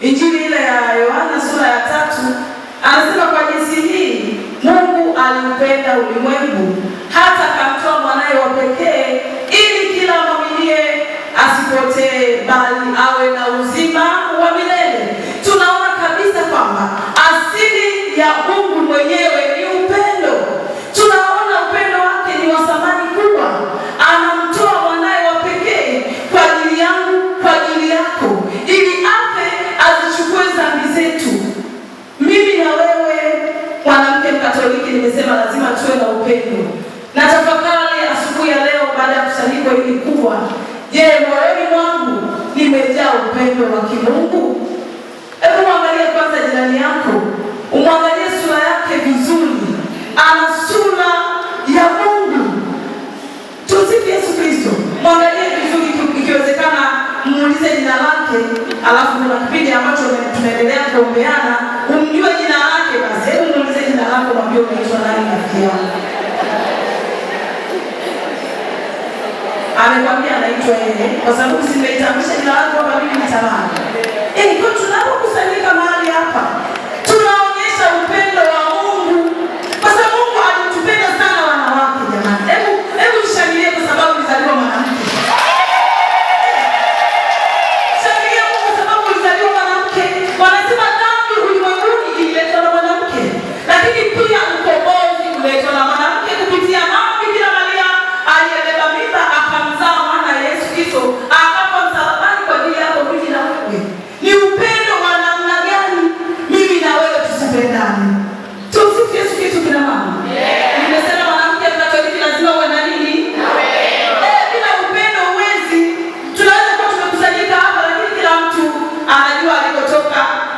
Injili ile ya Yohana sura ya tatu anasema kwa jinsi hii Mungu alimpenda ulimwengu hata akamtoa mwanaye wa pekee, ili kila mwaminie asipotee, bali awe na uzima wa milele. Tunaona kabisa kwamba asili ya Mungu mwenyewe upendo. Na tafakari asubuhi ya leo baada ya kusanyiko hili kubwa, je, moyoni mwangu nimejaa upendo wa Kimungu? Hebu mwangalie kwanza jirani yako, umwangalie sura yake vizuri, ana sura ya Mungu. Tumsifu Yesu Kristo. Mwangalie vizuri, ikiwezekana muulize jina lake, alafu kuna kipindi ambacho tunaendelea kuombeana, umjue jina lake. Basi hebu muulize jina lako, mwambie unaitwa nani rafiki yangu. amekwambia anaitwa yeye, kwa sababu simeitambulisha jina lako hapa, mimi nitamani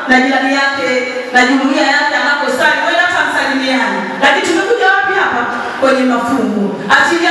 na jirani yake na jumuiya yake anaposali, wewe hata msalimiani, lakini tumekuja wapi hapa? Kwenye mafungu achilia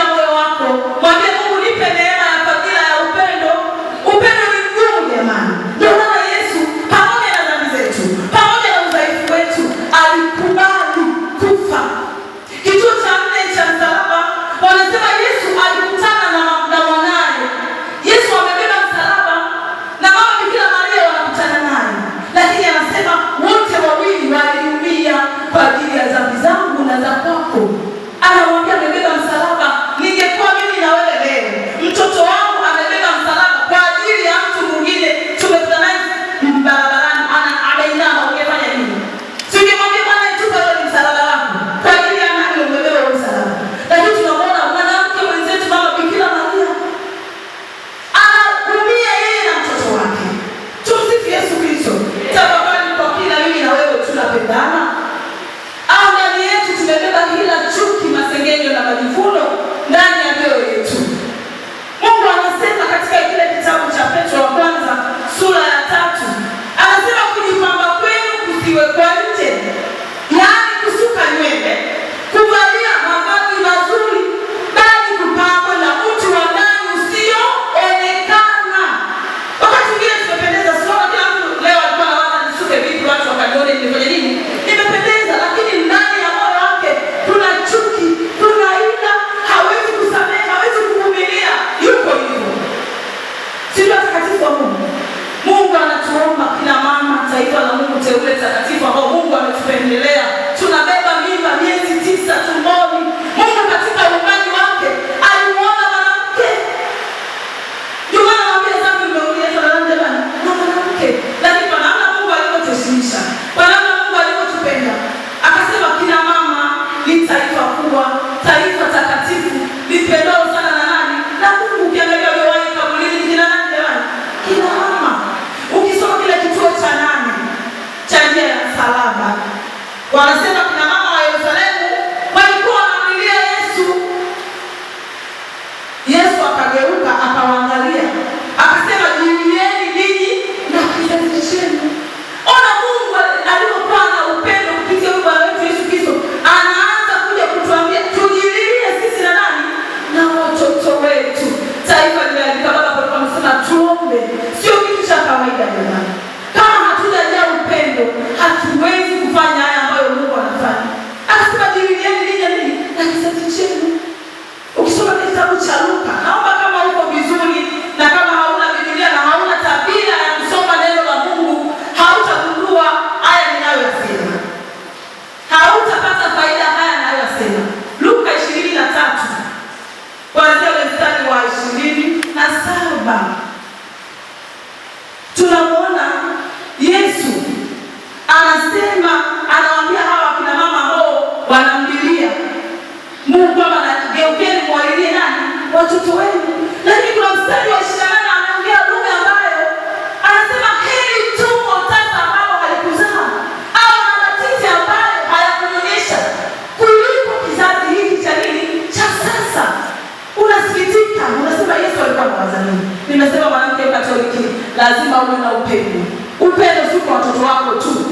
uwe na upendo. Upendo si kwa watoto wako tu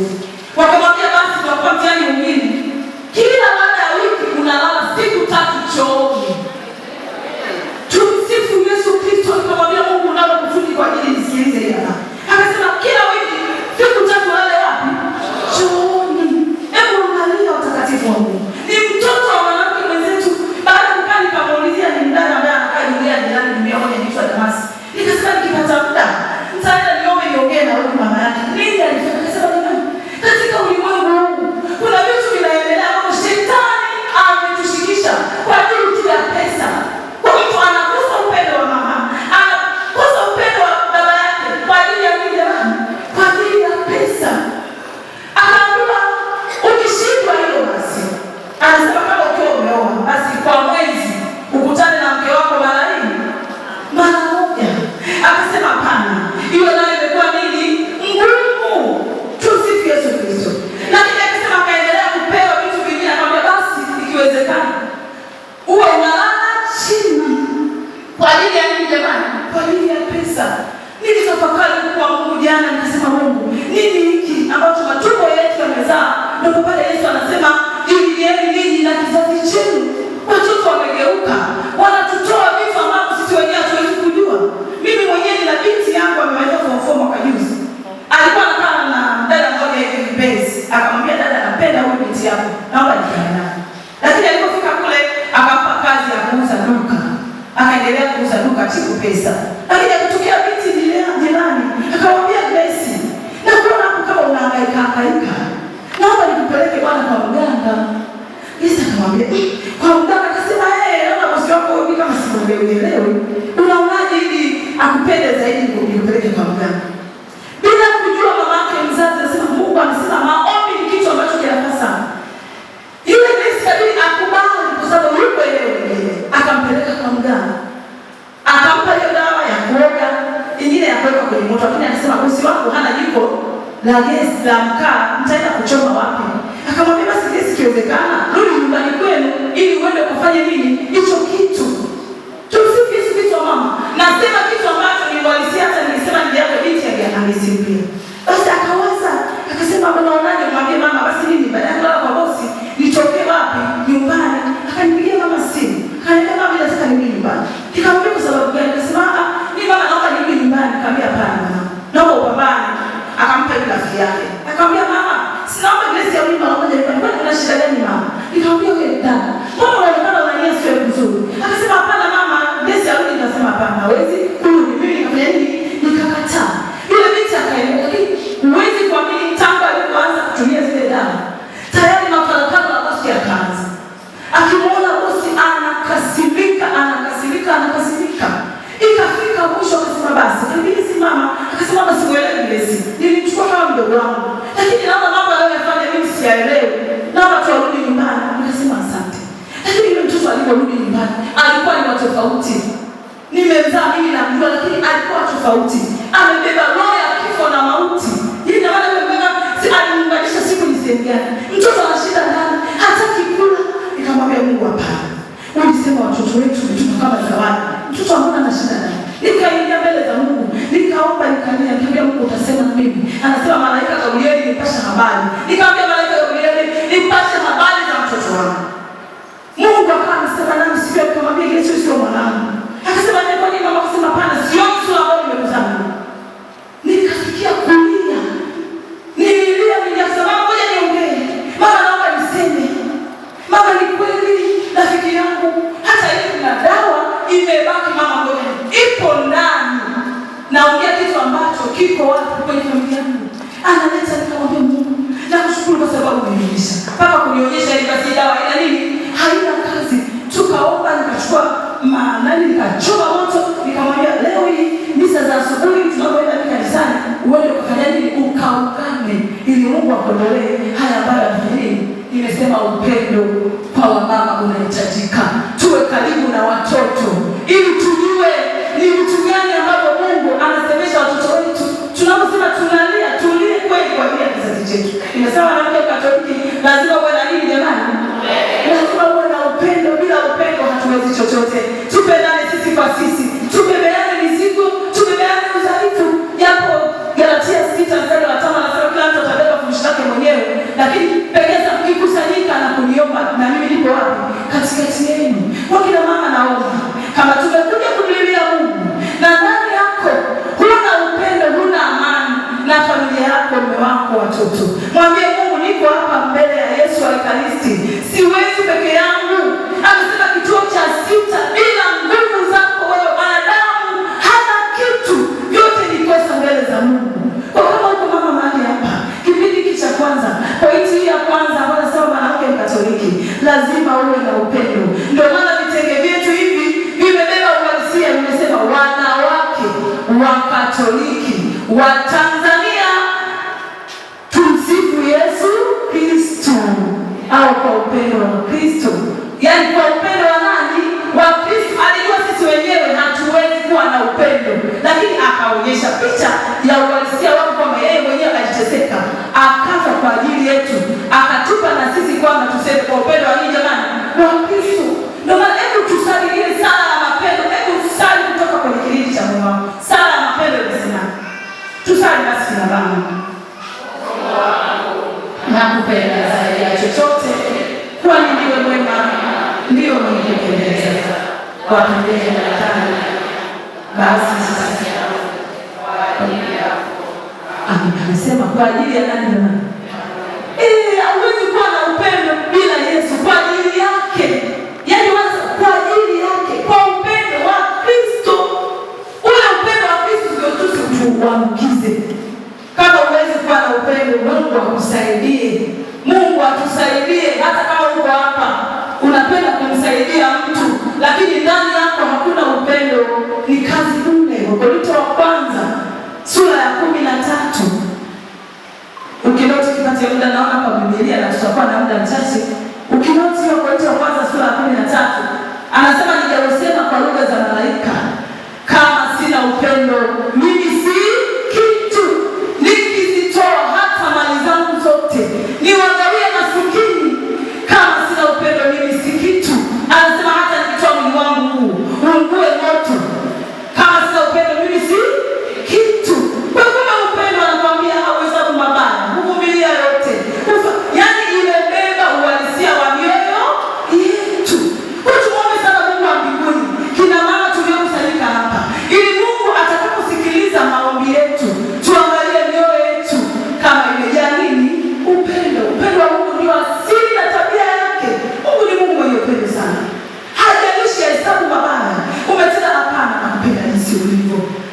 you. mpende zaidi nikumpeleke kwa mganga. tofauti. Amebeba roho ya kifo na mauti. Yeye ndio amebeba, si alimbadilisha siku ni sehemu gani? Mtoto ana shida ndani, hataki kula. Nikamwambia Mungu hapana. Ulisema watoto wetu ni kama zawadi. Mtoto ambaye ana shida ndani. Nikaingia mbele za Mungu, nikaomba nikalia, nikamwambia Mungu utasema na mimi. Anasema malaika Gabrieli nipashe habari. Nikamwambia malaika Gabrieli nipashe habari za mtoto wangu. Mungu akawa anasema nami, sivyo? Nikamwambia Yesu sio mwanangu. Akasema ni kwa nini mama akasema anaonyesha picha ya uhalisia wangu kwamba yeye mwenyewe aliteseka akafa kwa ajili yetu, akatupa na sisi kwamba tuseme kwa upendo wa nini, jamani, wa Kristo. Ndio maana hebu tusali ile sala ya mapendo, hebu tusali kutoka kwenye kilindi cha moyo wako. Sala ya mapendo imesimama, tusali basi na Baba, nakupenda zaidi ya chochote, kwani ndiwe mwema, ndio mwenye kupendeza, kwa wapendeni na tani basi kwa ajili ya nani jamani? Eh, hauwezi kuwa na upendo bila Yesu kwa ajili yake. Yaani waza kwa ajili yake, kwa upendo wa Kristo. Ule upendo wa Kristo ndio tusiuamkize. Kama uwezi kuwa na upendo, Mungu akusaidie. Mungu atusaidie hata kama uko hapa unapenda kumsaidia mtu lakini ndani yako hakuna upendo, ni kazi yote muda naona kwa Biblia na tutakuwa na muda mchache. Ukinoti hiyo Wakorintho wa kwanza sura ya 13 anasema nijausema kwa lugha za malaika kama sina upendo mimi si kitu, nikizitoa hata mali zangu zote niwagawie masikini. Kama sina upendo mimi si kitu, anasema hata nikitoa mwili wangu huu uungue moto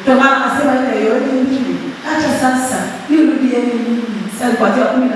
Ndio maana nasema ile yote, hata sasa hiyo rudia ni nini? Sasa kwa kumi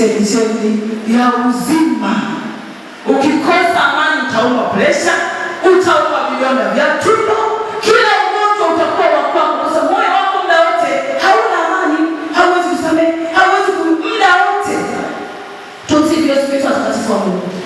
chemichemi ya uzima. Ukikosa amani, utaumwa presha, utaumwa vidonda vya tumbo, kila ugonjwa utakuwa wa kwangu, kwa sababu moyo wako muda wote hauna amani, hauwezi kusamehe, hauwezi muda wote. Tumsifu Yesu Kristo, atakatifu wa Mungu.